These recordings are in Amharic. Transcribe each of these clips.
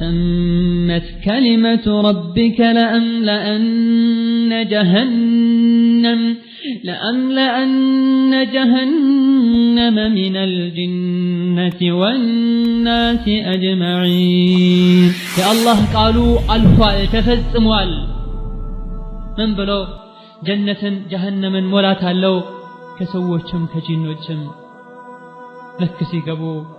تمت كلمة ربك لأملأن جهنم لأملأن جهنم من الجنة والناس أجمعين يا الله قالوا التفز أموال من بلو جنة جهنم مولاتا لو كسوتشم كجنوتشم لك سيقبو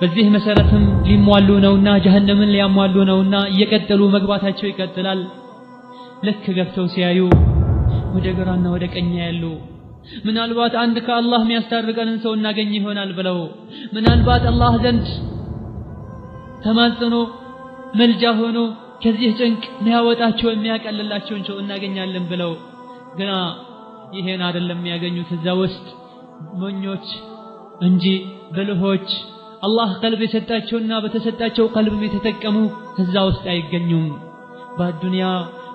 በዚህ መሰረትም ሊሟሉ ነውና ጀሀነምን ሊያሟሉ ነውና እየቀጠሉ መግባታቸው ይቀጥላል። ልክ ገብተው ሲያዩ ወደ ግራና ወደ ቀኝ ያሉ ምናልባት አንድ ከአላህ የሚያስታርቀንን ሰው እናገኝ ይሆናል ብለው ምናልባት አላህ ዘንድ ተማጽኖ መልጃ ሆኖ ከዚህ ጭንቅ የሚያወጣቸው የሚያቀልላቸውን ሰው እናገኛለን ብለው ግና ይሄን አይደለም የሚያገኙት እዛ ውስጥ ሞኞች እንጂ ብልሆች አላህ ቀልብ የሰጣቸውና በተሰጣቸው ቀልብም የተጠቀሙ እዛ ውስጥ አይገኙም። በአዱንያ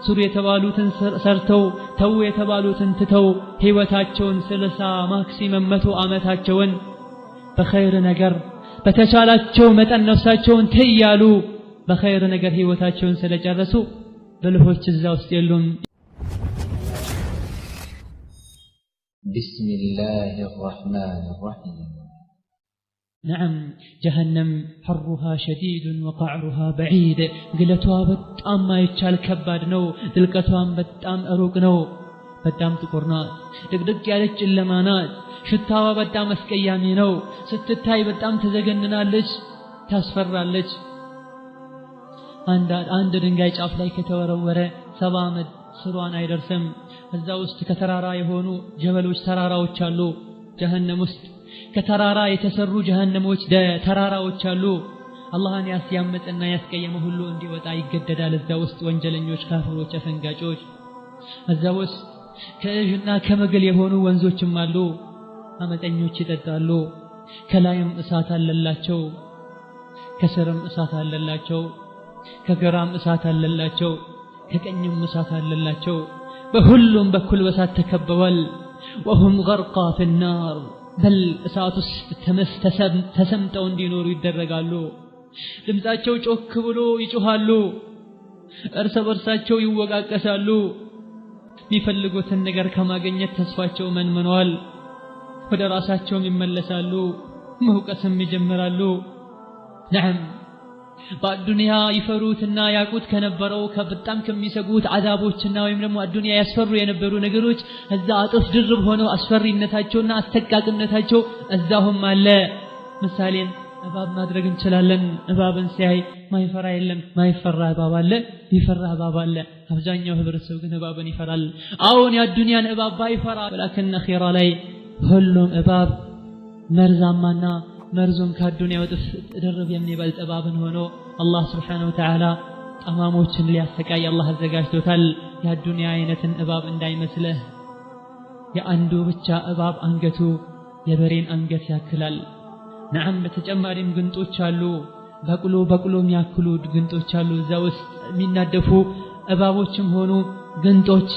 ስሩ የተባሉትን ሰርተው ተው የተባሉትን ትተው ህይወታቸውን ስልሳ ማክሲመም መቶ ዓመታቸውን በኸይር ነገር በተቻላቸው መጠን ነፍሳቸውን ትያሉ በኸይር ነገር ህይወታቸውን ስለጨረሱ ብልሆች እዛ ውስጥ የሉም። ቢስሚላህ ራሕማን ራሒም ነዓም ጀሀነም ሐሩሃ ሸዲዱን ወቃዕሩሃ በዒድ፣ ግለቷ በጣም ማይቻል ከባድ ነው። ጥልቀቷም በጣም ሩቅ ነው። በጣም ጥቁር ናት። ድቅድቅ ያለች ጨለማ ናት። ሽታዋ በጣም አስቀያሚ ነው። ስትታይ በጣም ትዘገንናለች፣ ታስፈራለች። አንድ ድንጋይ ጫፍ ላይ ከተወረወረ ሰባ ዓመት ስሯን አይደርስም። እዛ ውስጥ ከተራራ የሆኑ ጀበሎች ተራራዎች አሉ ጀሀነም ውስጥ ከተራራ የተሰሩ ጀሃነሞች ተራራዎች አሉ። አላህን ያስያመፀና ያስቀየመ ሁሉ እንዲወጣ ይገደዳል። እዛ ውስጥ ወንጀለኞች፣ ካፍሮች፣ አፈንጋጮች እዛ ውስጥ ከእዥና ከመግል የሆኑ ወንዞችም አሉ። አመጠኞች ይጠጣሉ። ከላይም እሳት አለላቸው፣ ከስርም እሳት አለላቸው፣ ከግራም እሳት አለላቸው፣ ከቀኝም እሳት አለላቸው። በሁሉም በኩል በሳት ተከበዋል። ወሁም ገርቃ ፊናር በል እሳት ውስጥ ተሰምጠው እንዲኖሩ ይደረጋሉ። ድምፃቸው ጮክ ብሎ ይጮኻሉ። እርሰ በርሳቸው ይወቃቀሳሉ። የሚፈልጉትን ነገር ከማግኘት ተስፋቸው መንምነዋል። ወደ ራሳቸውም ይመለሳሉ። መውቀስም ይጀምራሉ። ነዓም በአዱንያ ይፈሩትና ያቁት ከነበረው በጣም ከሚሰጉት አዛቦችና ወይም ደግሞ አዱንያ ያስፈሩ የነበሩ ነገሮች እዛ አጥፍ ድርብ ሆነው አስፈሪነታቸውና አስተቃቅነታቸው እዛሁም አለ። ምሳሌም እባብ ማድረግ እንችላለን። እባብን ሲያይ ማይፈራ የለም። ማይፈራ እባብ አለ፣ ይፈራ እባብ አለ። አብዛኛው ህብረተሰብ ግን እባብን ይፈራል። አሁን የአዱንያን እባብ ባይፈራ፣ ወላኪን አኺራ ላይ ሁሉም እባብ መርዛማና መርዙን ከአዱንያው እጥፍ ድርብ የሚበል ጥባብን ሆኖ አላህ ስብሓነሁ ወተዓላ ጠማሞችን ሊያሰቃይ አላህ አዘጋጅቶታል። የአዱንያ አይነትን እባብ እንዳይመስልህ። የአንዱ ብቻ እባብ አንገቱ የበሬን አንገት ያክላል። ነዓም በተጨማሪም ግንጦች አሉ። በቅሎ በቅሎ የሚያክሉ ግንጦች አሉ። እዛ ውስጥ የሚናደፉ እባቦችም ሆኑ ግንጦች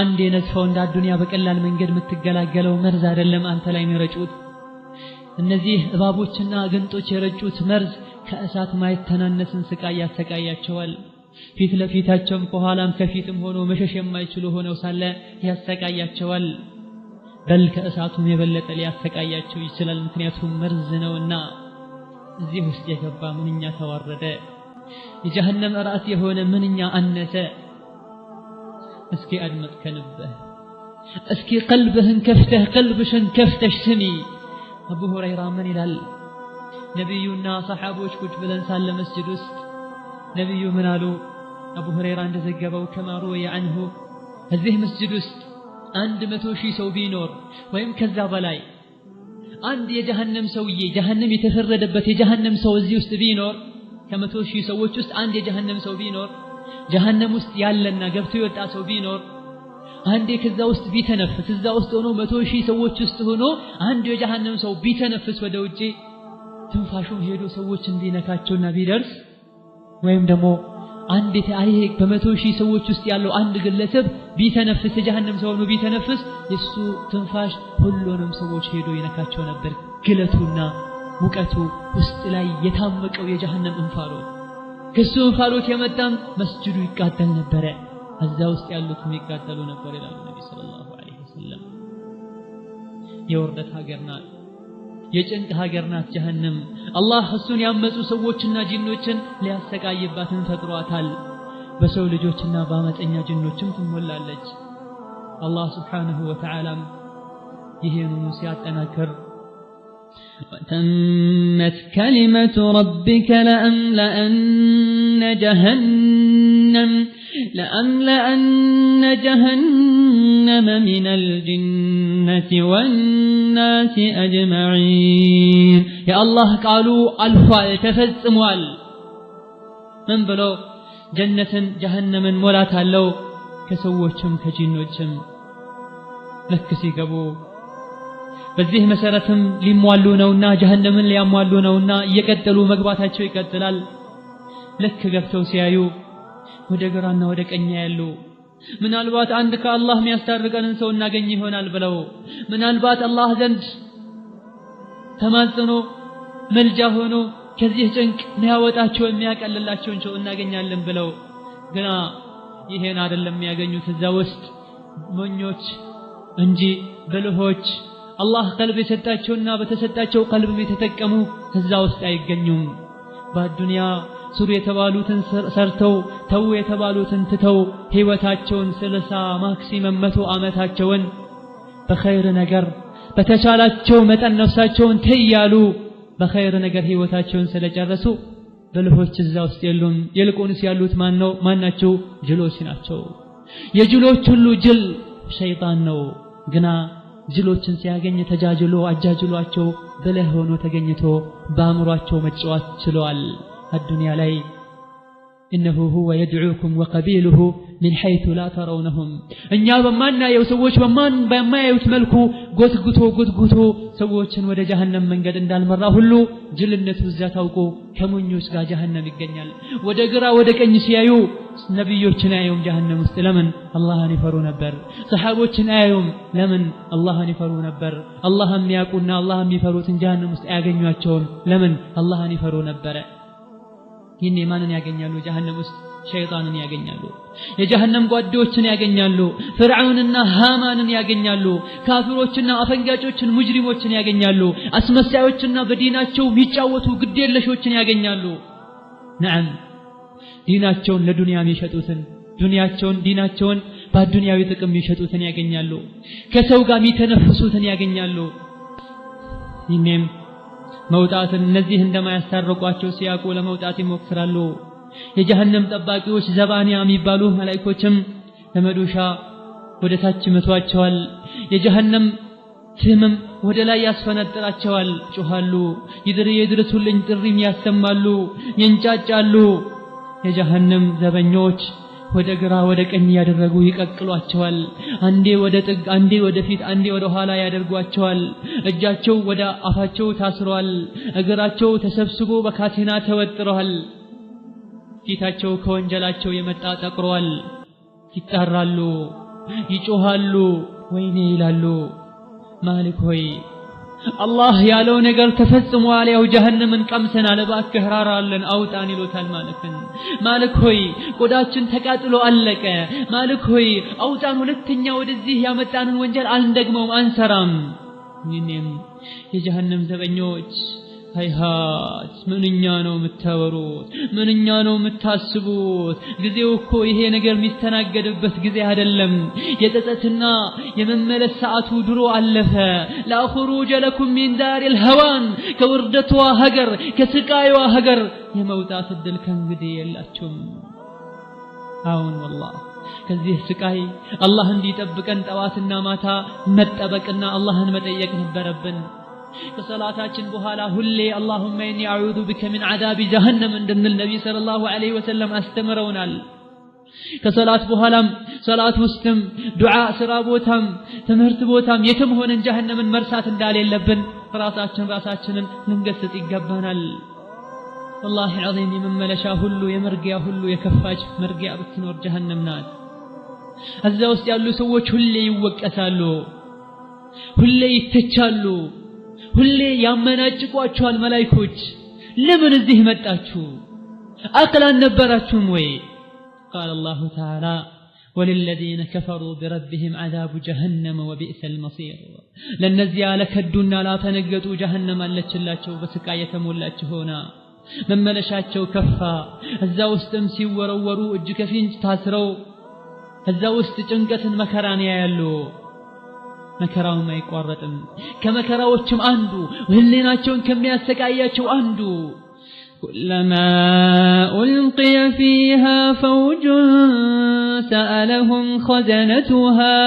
አንድ የነጥፈው እንደ አዱንያ በቀላል መንገድ የምትገላገለው መርዝ አይደለም አንተ ላይ የሚረጩት እነዚህ እባቦችና ግንጦች የረጩት መርዝ ከእሳት ማይተናነስን ስቃይ ያሰቃያቸዋል። ፊት ለፊታቸውም ከኋላም ከፊትም ሆኖ መሸሽ የማይችሉ ሆነው ሳለ ያሰቃያቸዋል። በል ከእሳቱም የበለጠ ሊያሰቃያቸው ይችላል። ምክንያቱም መርዝ ነውና። እዚህ ውስጥ የገባ ምንኛ ተዋረደ። የጀሀነም ራስ የሆነ ምንኛ አነሰ። እስኪ አድመጥ ከልብህ እስኪ ቀልብህን ከፍተህ ቀልብሽን ከፍተሽ ስሚ። አቡ ሁረይራ ምን ይላል? ነቢዩና ሰሓቦች ቁጭ ብለን ሳለ መስጅድ ውስጥ ነቢዩ ምን አሉ? አቡ ሁረይራ እንደዘገበው ከማሩ ወይ አንሁ እዚህ መስጅድ ውስጥ አንድ መቶ ሺህ ሰው ቢኖር ወይም ከዛ በላይ አንድ የጀሃነም ሰውዬ ጀሃነም የተፈረደበት የጀሃነም ሰው እዚህ ውስጥ ቢኖር ከመቶ ሺህ ሰዎች ውስጥ አንድ የጀሃነም ሰው ቢኖር ጀሃነም ውስጥ ያለና ገብቶ የወጣ ሰው ቢኖር አንዴ ከዛ ውስጥ ቢተነፍስ እዛ ውስጥ ሆኖ መቶ ሺህ ሰዎች ውስጥ ሆኖ አንድ የጀሃነም ሰው ቢተነፍስ ወደ ውጪ ትንፋሹም ሄዶ ሰዎችን ቢነካቸውና ቢደርስ ወይም ደግሞ አንድ ይሄ በመቶ ሺህ ሰዎች ውስጥ ያለው አንድ ግለሰብ ቢተነፍስ የጀሃነም ሰው ሆኖ ቢተነፍስ የሱ ትንፋሽ ሁሉንም ሰዎች ሄዶ ይነካቸው ነበር። ግለቱና ሙቀቱ ውስጥ ላይ የታመቀው የጀሃነም እንፋሎት ከሱ እንፋሎት የመጣም መስጅዱ ይቃጠል ነበረ። እዛ ውስጥ ያሉት የሚጋደሉ ነበር ይላሉ ነቢ ሰለላሁ ዐለይሂ ወሰለም። የውርደት ሀገር ናት፣ የጭንቅ ሀገር ናት ጀሀነም። አላህ እሱን ያመፁ ሰዎችና ጂኖችን ሊያሰቃይባትን ፈጥሯታል። በሰው ልጆችና በአመፀኛ ጅኖችም ትሞላለች። አላህ ስብሓንሁ ወተዓላም ይሄኑኑ ሲያጠናክር وتمت كلمة ربك لأملأن جهنم لأملأن جهنم من الجنة والناس أجمعين يا الله قالوا التفز أموال من بلو جنة جهنم مولات አለው ከሰዎችም ከጂኖችም ልክ ሲገቡ በዚህ መሰረትም ሊሟሉ ነውና ጀሀነምን ሊያሟሉ ነውና እየቀጠሉ መግባታቸው ይቀጥላል ልክ ገብተው ሲያዩ ወደ ግራና ወደ ቀኝ ያሉ ምናልባት አንድ ከአላህ የሚያስታርቀንን ሰው እናገኝ ይሆናል ብለው ምናልባት አላህ ዘንድ ተማጽኖ መልጃ ሆኖ ከዚህ ጭንቅ የሚያወጣቸው የሚያቀልላቸውን ሰው እናገኛለን ብለው ግና ይሄን አይደለም የሚያገኙት። እዛ ውስጥ ሞኞች እንጂ ብልሆች አላህ ቀልብ የሰጣቸውና በተሰጣቸው ቀልብም የተጠቀሙ እዛ ውስጥ አይገኙም። በአዱንያ ስሩ የተባሉትን ሰርተው ተው የተባሉትን ትተው ህይወታቸውን ስልሳ ማክሲመም መቶ ዓመታቸውን በኸይር ነገር በተቻላቸው መጠን ነፍሳቸውን ትያሉ በኸይር ነገር ህይወታቸውን ስለጨረሱ ብልሆች እዛ ውስጥ የሉም። ይልቁንስ ያሉት ማነው? ማናቸው? ጅሎች ናቸው። የጅሎች ሁሉ ጅል ሸይጣን ነው። ግና ጅሎችን ሲያገኝ ተጃጅሎ አጃጅሏቸው ብልህ ሆኖ ተገኝቶ በአእምሯቸው መጫወት ችለዋል። አዱንያ ላይ እነሁ ሁወ የድዑኩም ወቀቢሉሁ ምን ሐይቱ ላ ተረውነሁም እኛ በማናየው ሰዎች በማን በማያዩት መልኩ ጎትጉቶ ጎትጉቶ ሰዎችን ወደ ጀሀነም መንገድ እንዳልመራ ሁሉ ጅልነቱ እዚያ ታውቆ ከሞኞች ጋር ጀሀነም ይገኛል። ወደ ግራ ወደ ቀኝ ሲያዩ ነቢዮችን አያዩም ጀሀነም ውስጥ ለምን? አላህን ይፈሩ ነበር። ሰሓቦችን አያዩም ለምን? አላህን ይፈሩ ነበር። አላህ የሚያውቁና አላህ የሚፈሩትን ጀሀነም ውስጥ አያገኟቸውም ለምን? አላህን ይፈሩ ነበረ። ይህኔ ማንን ያገኛሉ? ጀሀነም ውስጥ ሸይጣንን ያገኛሉ። የጀሀነም ጓዴዎችን ያገኛሉ። ፍርዓውንና ሃማንን ያገኛሉ። ካፊሮችና አፈንጋጮችን፣ ሙጅሪሞችን ያገኛሉ። አስመሳዮችና በዲናቸው የሚጫወቱ ግዴለሾችን ያገኛሉ። ነዓም ዲናቸውን ለዱንያ የሚሸጡትን ዱንያቸውን ዲናቸውን በአዱንያዊ ጥቅም የሚሸጡትን ያገኛሉ። ከሰው ጋር የሚተነፍሱትን ያገኛሉ። ይህኔም መውጣትን እነዚህ እንደማያስታርቋቸው ሲያውቁ ለመውጣት ይሞክራሉ። የጀሃነም ጠባቂዎች ዘባንያ የሚባሉ መላእኮችም ለመዶሻ ወደ ታች ይመቷቸዋል። የጀሃነም ትህምም ወደ ላይ ያስፈነጥራቸዋል። ጮኻሉ፣ ይድር የድረሱልኝ ጥሪም ያሰማሉ፣ ይንጫጫሉ። የጀሃነም ዘበኞች ወደ ግራ ወደ ቀኝ ያደረጉ ይቀቅሏቸዋል። አንዴ ወደ ጥግ፣ አንዴ ወደ ፊት፣ አንዴ ወደ ኋላ ያደርጓቸዋል። እጃቸው ወደ አፋቸው ታስሯል። እግራቸው ተሰብስቦ በካቴና ተወጥሯል ፊታቸው ከወንጀላቸው የመጣ ጠቅሯል። ይጣራሉ፣ ይጮሃሉ፣ ወይኔ ይላሉ። ማሊክ ሆይ አላህ ያለው ነገር ተፈጽሟል። ያው ጀሀነምን ቀምሰናል፣ እባክህ ራራለን አውጣን ይሎታል ማለት ነው። ማልክ ሆይ ቆዳችን ተቃጥሎ አለቀ። ማልክ ሆይ አውጣን፣ ሁለተኛ ወደዚህ ያመጣንን ወንጀል አንደግመውም፣ አንሰራም። ይህኔም የጀሀነም ዘበኞች ሀይሀት ምንኛ ነው የምታወሩት? ምንኛ ነው የምታስቡት? ጊዜው እኮ ይሄ ነገር የሚስተናገድበት ጊዜ አይደለም። የጸጸትና የመመለስ ሰዓቱ ድሮ አለፈ። ላኹሩጀ ለኩም ሚን ዳሪል ሀዋን ከውርደቷ ሀገር ከስቃይዋ ሀገር የመውጣት እድል ከእንግዲህ የላችሁም። አሁን ወላህ ከዚህ ስቃይ አላህ እንዲጠብቀን ጠዋትና ማታ መጠበቅና አላህን መጠየቅ ነበረብን። ከሰላታችን በኋላ ሁሌ አላሁመ ኢኒ አዑዙ ቢከ ሚን ዓዛቢ ጀሀነም እንድንል ነቢ ሰለላሁ ዐለይሂ ወሰለም አስተምረውናል። ከሰላት በኋላም ሰላት ውስጥም ዱዓ፣ ስራ ቦታም፣ ትምህርት ቦታም የትም ሆነን ጀሀነምን መርሳት እንዳሌለብን ራሳችን ራሳችንን ልንገስጽ ይገባናል። ወላሂ ዐዚም የመመለሻ ሁሉ የመርጊያ ሁሉ የከፋች መርጊያ ብትኖር ጀሀነም ናት። እዛ ውስጥ ያሉ ሰዎች ሁሌ ይወቀሳሉ፣ ሁሌ ይተቻሉ። ሁሌ ያመናጭቋችኋል መላይኮች ለምን እዚህ መጣችሁ አቅል አልነበራችሁም وي قال الله تعالى وللذين كفروا بربهم عذاب جهنم وبئس المصير لن نزيا لك الدنيا لا تنقطوا جهنم إلا اللتش بسكاية ملتش هنا من ملشاتش كفا الزاو استمسي ورورو اجك فين تاسرو الزاو استجنكة مكران يلو መከራውም አይቋረጥም ከመከራዎችም አንዱ ህሊናቸውን ከሚያሰቃያቸው አንዱ كلما ألقي فيها فوج سألهم خزنتها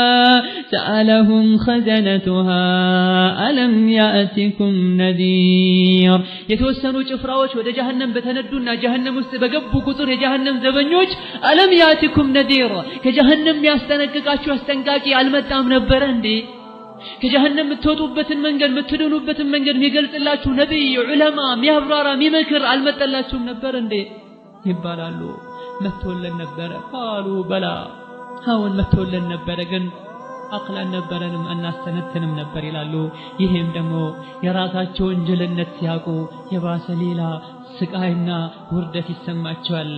سألهم خزنتها ألم يأتكم نذير يتوسنوا جفراوش ودى جهنم بتندونا جهنم استبقبوا كثر جهنم زبنوش ألم يأتكم نذير كجهنم يستنقق استنقاكي استنقاقي علمتام نبرندي ከጀሃነም የምትወጡበትን መንገድ የምትድኑበትን መንገድ የሚገልጽላችሁ ነቢይ፣ ዑለማ የሚያብራራ የሚመክር አልመጠላችሁም ነበር እንዴ ይባላሉ። መጥቶልን ነበረ ቃሉ በላ አሁን መጥቶልን ነበረ ግን አቅል አልነበረንም እናስተነትንም ነበር ይላሉ። ይሄም ደግሞ የራሳቸው ወንጀልነት ሲያውቁ የባሰ ሌላ ስቃይና ውርደት ይሰማቸዋል።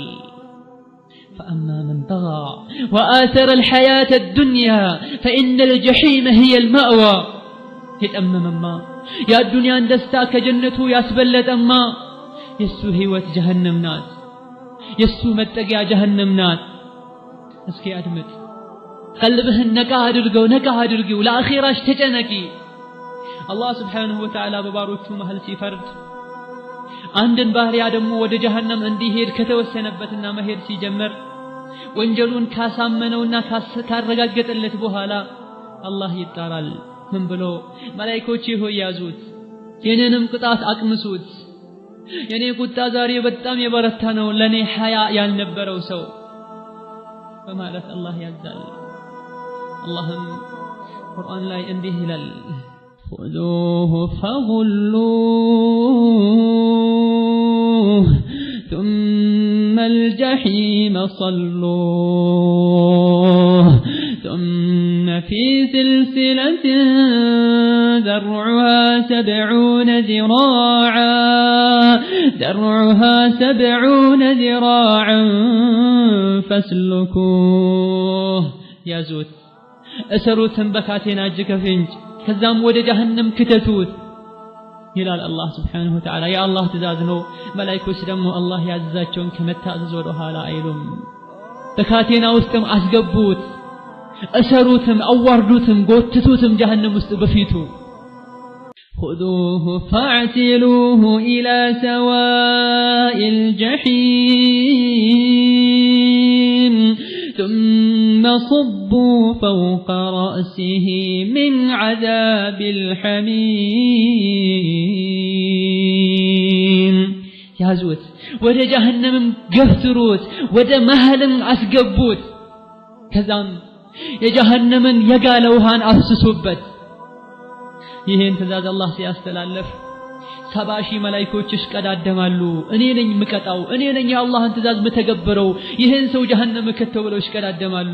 فأما من طغى وآثر الحياة الدنيا فإن الجحيم هي المأوى هتأما مما يا الدنيا اندستاك جنته يا سبلت أما يسو هيوت جهنم نات يسو متك يا جهنم نات اسكي أدمت قلبه نكا هدرقو نكا هدرقو لا أخير الله سبحانه وتعالى ببارو تشوم هل في فرد አንድን ባህሪያ ደግሞ ወደ ጀሃነም እንዲሄድ ከተወሰነበትና መሄድ ሲጀምር ወንጀሉን ካሳመነውና ካረጋገጠለት በኋላ አላህ ይጣራል። ምን ብሎ መላእክቶች ይሁን ያዙት፣ የኔንም ቅጣት አቅምሱት። የኔ ቁጣ ዛሬ በጣም የበረታ ነው፣ ለኔ ሐያ ያልነበረው ሰው በማለት አላህ ያዛል። አላህም ቁርአን ላይ እንዲህ ይላል፣ ኹዙሁ ፈጉሉህ الجحيم صلوه ثم في سلسلة ذرعها سبعون ذراعا درعها سبعون ذراعا فاسلكوه يا زود أسروا تنبكاتنا جكفنج كذام ود جهنم كتتوت ይላል አላህ ስብሓንሁ ተዓላ። የአላህ ትእዛዝ ነው። መላይኮች ደግሞ አላህ ያዘዛቸውን ከመታዘዝ ወደ ኋላ አይሉም። በካቴና ውስጥም አስገቡት፣ እሰሩትም፣ አዋርዱትም፣ ጎትቱትም ጀሀነም ውስጥ በፊቱ خذوه فاعتلوه إلى سواء الجحيم ثم صبوا فوق رأسه من عذاب الحميم يا زوت ودى جهنم قفتروت ودى مهل أثقبوت كذان يا جهنم يقالوهان أفسسوبت يهين تزاد الله سياسة لألفت ሰባ ሺህ መላይኮች ይሽቀዳደማሉ። እኔ ነኝ ምቀጣው፣ እኔ ነኝ የአላህን ትእዛዝ ምተገበረው፣ ይህን ሰው ጀሀነም ከተው ብለው ይሽቀዳደማሉ።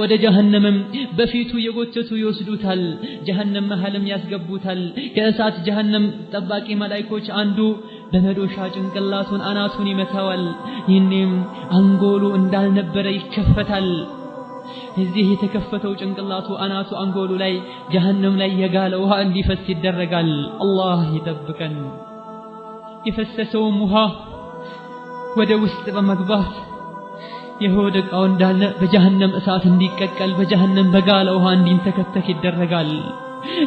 ወደ ጀሀነምም በፊቱ የጎተቱ ይወስዱታል። ጀሀነም መሃልም ያስገቡታል። ከእሳት ጀሀነም ጠባቂ መላይኮች አንዱ በመዶሻ ጭንቅላቱን አናቱን ይመታዋል። ይህኔም አንጎሉ እንዳልነበረ ይከፈታል። እዚህ የተከፈተው ጭንቅላቱ አናቱ አንጎሉ ላይ ጀሀነም ላይ የጋለ ውሃ እንዲፈስ ይደረጋል። አላህ ይጠብቀን። የፈሰሰውም ውሃ ወደ ውስጥ በመግባት የሆድ ዕቃው እንዳለ በጀሀነም እሳት እንዲቀቀል በጀሀነም በጋለ ውሃ እንዲንተከተክ ይደረጋል።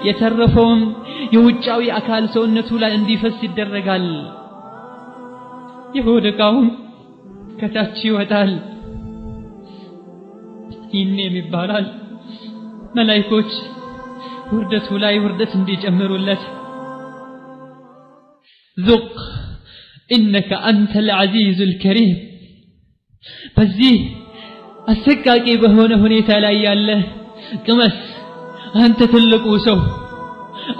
የተረፈውም የውጫዊ አካል ሰውነቱ ላይ እንዲፈስ ይደረጋል። የሆድ ዕቃውም ከታች ይወጣል። ኢሜም ይባላል። መላይኮች ውርደቱ ላይ ውርደት እንዲጨምሩለት ዙቅ إنك أنت العزيز الكريم በዚህ አሰቃቂ በሆነ ሁኔታ ላይ ያለ ቅመስ አንተ ትልቁ ሰው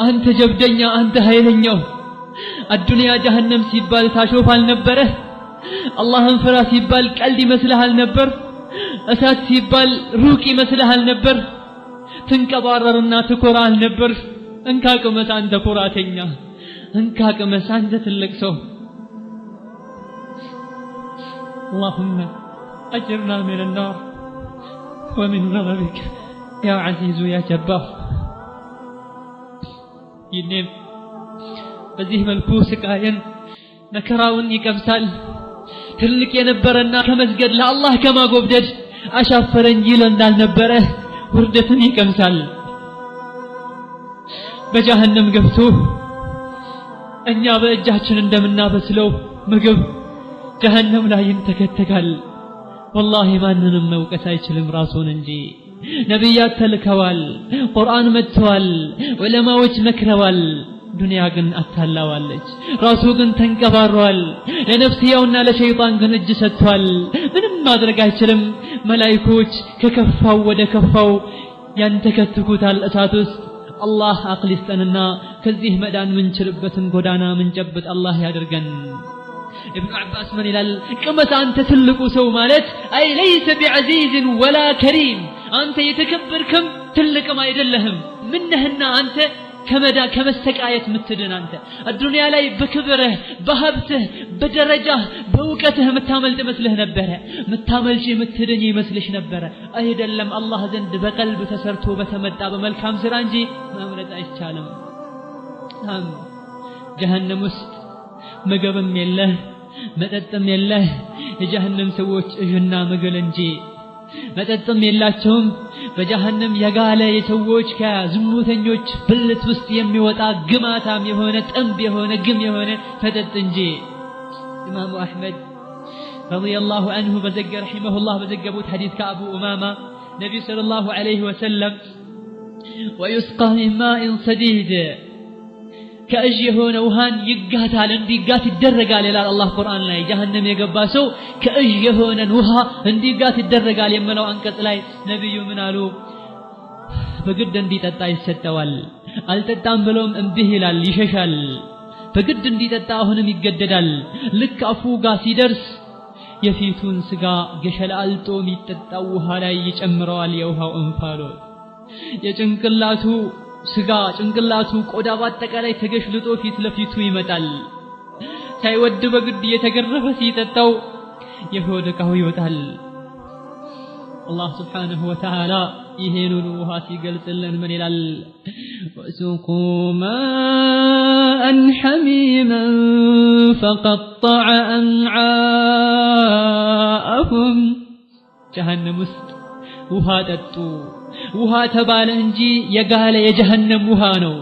አንተ ጀብደኛ አንተ ኃይለኛው አዱንያ ጀሃነም ሲባል ታሾፍ አልነበረ አላህን ፍራ ሲባል ቀልድ ይመስልሃል ነበር እሳት ሲባል ሩቅ ይመስልሃል ነበር? ትንቀባረርና ትኮራል ነበር? እንካ ቅመስ አንተ ኩራተኛ፣ እንካ ቅመስ አንተ ትልቅ ሰው። اللهم أجرنا من النار ومن غضبك يا عزيز يا جبار ይኔም በዚህ መልኩ ስቃየን መከራውን ይቀምሳል። ትልቅ የነበረና ከመስገድ ለአላህ ከማጎብደድ አሻፈረኝ ይለ እንዳልነበረ ውርደትን ይቀምሳል። በጀሀነም ገብቶ እኛ በእጃችን እንደምናበስለው ምግብ ጀሀነም ላይ ይንተከተካል። ወላሂ ማንንም መውቀስ አይችልም ራሱን እንጂ። ነቢያት ተልከዋል፣ ቁርአን መጥተዋል፣ ዑለማዎች መክረዋል። ዱንያ ግን አታላዋለች። ራሱ ግን ተንቀባሯል። ያውና ለሸይጣን ግን እጅ ሰጥቷል። ምንም ማድረግ አይችልም። ملايكوش ككفاو ودكفاو ينتكتكو تال أساتوس الله أقلي سننا كزيه مدان من شربت قدانا من جبت الله يادرقن ابن عباس من إلال كما أنت تسلق سو مالت أي ليس بعزيز ولا كريم أنت يتكبر كم تلك ما يدلهم منهن أنت ከመዳ ከመስተቃየት ምትድን አንተ አዱንያ ላይ በክብርህ በሀብትህ በደረጃህ በእውቀትህ የምታመልጥ መስልህ ነበረ። ምታመልጭ የምትድኝ ይመስልሽ ነበረ። አይደለም፣ አላህ ዘንድ በቀልብ ተሰርቶ በተመጣ በመልካም ስራ እንጂ ማምለጥ አይቻልም። ጀሀነም ውስጥ ምግብም የለህ መጠጥም የለህ የጀሀነም ሰዎች እዥና ምግል እንጂ መጠጥም የላቸውም። በጀሃንም የጋለ የሰዎች ከዝሙተኞች ብልት ውስጥ የሚወጣ ግማታም የሆነ ጥንብ የሆነ ግም የሆነ መጠጥ እንጂ ኢማሙ አሕመድ ረዲየላሁ አንሁ በዘገ ረሒመሁላህ በዘገቡት ሐዲስ ከአቡ ኡማማ ነቢዩ ሰለላሁ ዐለይሂ ወሰለም ወዩስቃ ሚን ማኢን ሰዲድ ከእዥ የሆነ ውሃን ይጋታል እንዲጋት ይደረጋል ይላል አላህ ቁርአን ላይ ጀሀነም የገባ ሰው ከእዥ የሆነን ውሃ እንዲጋት ይደረጋል የምለው አንቀጽ ላይ ነቢዩ ምን አሉ በግድ እንዲጠጣ ይሰጠዋል አልጠጣም ብለውም እምብህ ይላል ይሸሻል በግድ እንዲጠጣ አሁንም ይገደዳል ልክ አፉ ጋር ሲደርስ የፊቱን ስጋ ገሸላልጦ የሚጠጣው ውሃ ላይ ይጨምረዋል የውሃው እንፋሎት የጭንቅላቱ ስጋ፣ ጭንቅላቱ፣ ቆዳ በአጠቃላይ ተገሽልጦ ፊት ለፊቱ ይመጣል። ሳይወድ በግድ እየተገረፈ ሲጠጣው የሆድ ዕቃው ይወጣል። አላህ ስብሓነሁ ወተዓላ ይሄንን ውሃ ሲገልጽልን ምን ይላል? ወሱቁ ማአን ሐሚመን ፈቀጠዐ አንዓአሁም ጀሃነም ውስጥ ውሃ ጠጡ ውሃ ተባለ እንጂ የጋለ የጀሀነም ውሃ ነው።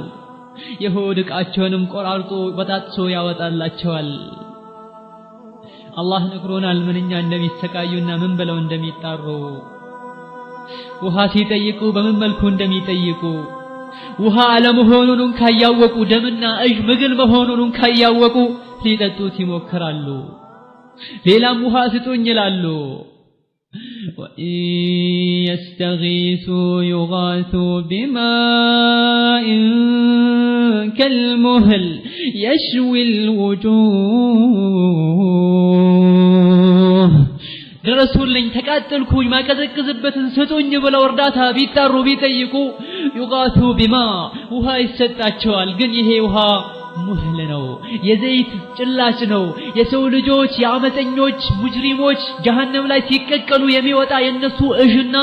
የሆድ ዕቃቸውንም ቆራርጦ በጣጥሶ ያወጣላቸዋል። አላህ ነግሮናል ምንኛ እንደሚሰቃዩና ምን ብለው እንደሚጣሩ ውሃ ሲጠይቁ በምን መልኩ እንደሚጠይቁ ውሃ አለመሆኑን ካያወቁ ደምና እዥ ምግል መሆኑን ካያወቁ ሊጠጡት ይሞክራሉ። ሌላም ውሃ ስጡኝ ይላሉ። يستغيثوا يغاثوا بماء كالمهل يشوي الوجوه ድረሱልኝ ተቃጠልኩኝ ማቀዘቅዝበትን ስጡኝ ብለው እርዳታ ቢጣሩ ቢጠይቁ ዩጋቱ ቢማ ውሃ ይሰጣቸዋል ግን ይሄ ውሃ ሙህል ነው፣ የዘይት ጭላጭ ነው። የሰው ልጆች የአመፀኞች ሙጅሪሞች ጀሀነም ላይ ሲቀቀሉ የሚወጣ የነሱ እሽና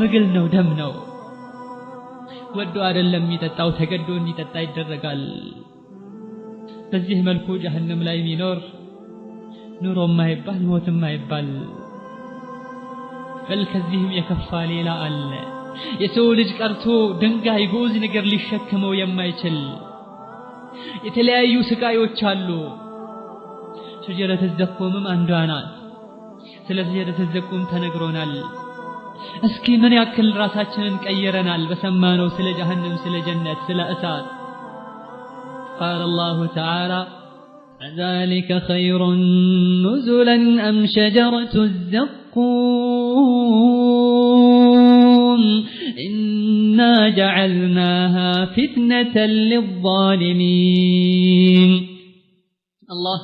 ምግል ነው፣ ደም ነው። ወዶ አይደለም የሚጠጣው፣ ተገዶ እንዲጠጣ ይደረጋል። በዚህ መልኩ ጀሀነም ላይ የሚኖር ኑሮ ማይባል ሞት ማይባል በል ከዚህም የከፋ ሌላ አለ። የሰው ልጅ ቀርቶ ድንጋይ ጎዝ ነገር ሊሸክመው የማይችል የተለያዩ ስቃዮች አሉ። ሸጀረተ ዘቁምም አንዷ ናት። ስለ ሸጀረተ ዘቁም ተነግሮናል። እስኪ ምን ያክል ራሳችንን ቀይረናል በሰማነው ስለ ጀሀነም፣ ስለ ጀነት፣ ስለ እሳት። ቃለ አላሁ ተዓላ ذلك خير نزلا أم شجرة الزقوم إنا جعلنا فتنة للظالمين الله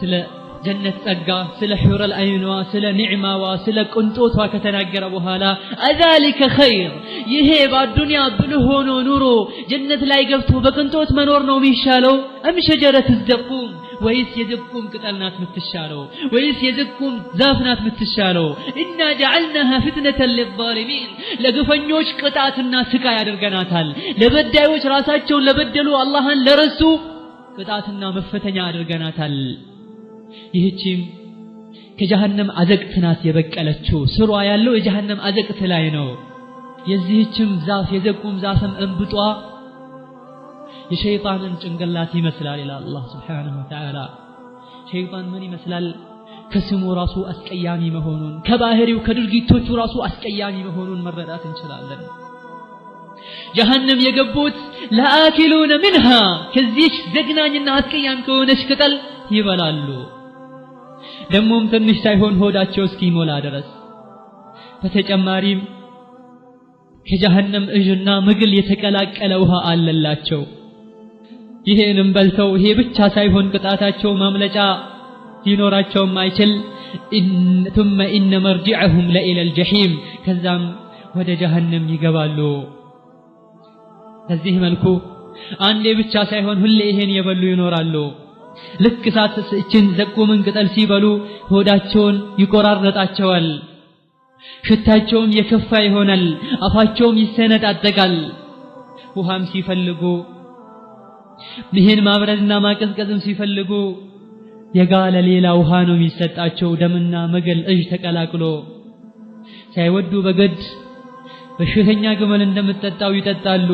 سلا جنة أقا سلا حور الأين واسلا نعمة سلا كنتوت وكتناقر بهالا أذلك خير يهيب الدنيا بلهون ونورو جنة لا يقفتو بكنتوت منور نومي شالو أم شجرة الزقو ወይስ የዝቁም ቅጠል ናት የምትሻለው? ወይስ የዝቁም ዛፍ ናት የምትሻለው? እና ጀዐልናሃ ፍትነተን ሊዛሊሚን ለግፈኞች ቅጣትና ስቃይ አድርገናታል ለበዳዮች ራሳቸውን ለበደሉ አላህን ለረሱ ቅጣትና መፈተኛ አድርገናታል። ይህችም ከጀሃነም አዘቅት ናት የበቀለችው። ስሯ ያለው የጀሃነም አዘቅት ላይ ነው። የዚህችም ዛፍ የዘቁም ዛፍም እንብጧ የሸይጣንን ጭንቅላት ይመስላል ይላል አላህ ስብሓንሁ ወተዓላ ሸይጣን ምን ይመስላል ከስሙ ራሱ አስቀያሚ መሆኑን ከባህሪው ከድርጊቶቹ ራሱ አስቀያሚ መሆኑን መረዳት እንችላለን ጀሃነም የገቡት ለአኪሉነ ምንሃ ከዚች ዘግናኝና አስቀያሚ ከሆነች ቅጠል ይበላሉ ደግሞም ትንሽ ሳይሆን ሆዳቸው እስኪሞላ ድረስ በተጨማሪም ከጀሃነም እዥና ምግል የተቀላቀለ ውሃ አለላቸው ይሄንም በልተው ይሄ ብቻ ሳይሆን ቅጣታቸው ማምለጫ ሊኖራቸውም አይችል። ثم إن مرجعهم لإلى الجحيم ከዛም ወደ ጀሀነም ይገባሉ። በዚህ መልኩ አንዴ ብቻ ሳይሆን ሁሌ ይሄን የበሉ ይኖራሉ። ልክ እሳት እችን ዘቁምን ቅጠል ሲበሉ ሆዳቸውን ይቆራረጣቸዋል። ሽታቸውም የከፋ ይሆናል። አፋቸውም ይሰነጣጠቃል። ውሃም ሲፈልጉ ይህን ማብረድና ማቀዝቀዝም ሲፈልጉ የጋለ ሌላ ውሃ ነው የሚሰጣቸው። ደምና መገል እጅ ተቀላቅሎ ሳይወዱ በገድ በሽተኛ ግመል እንደምትጠጣው ይጠጣሉ።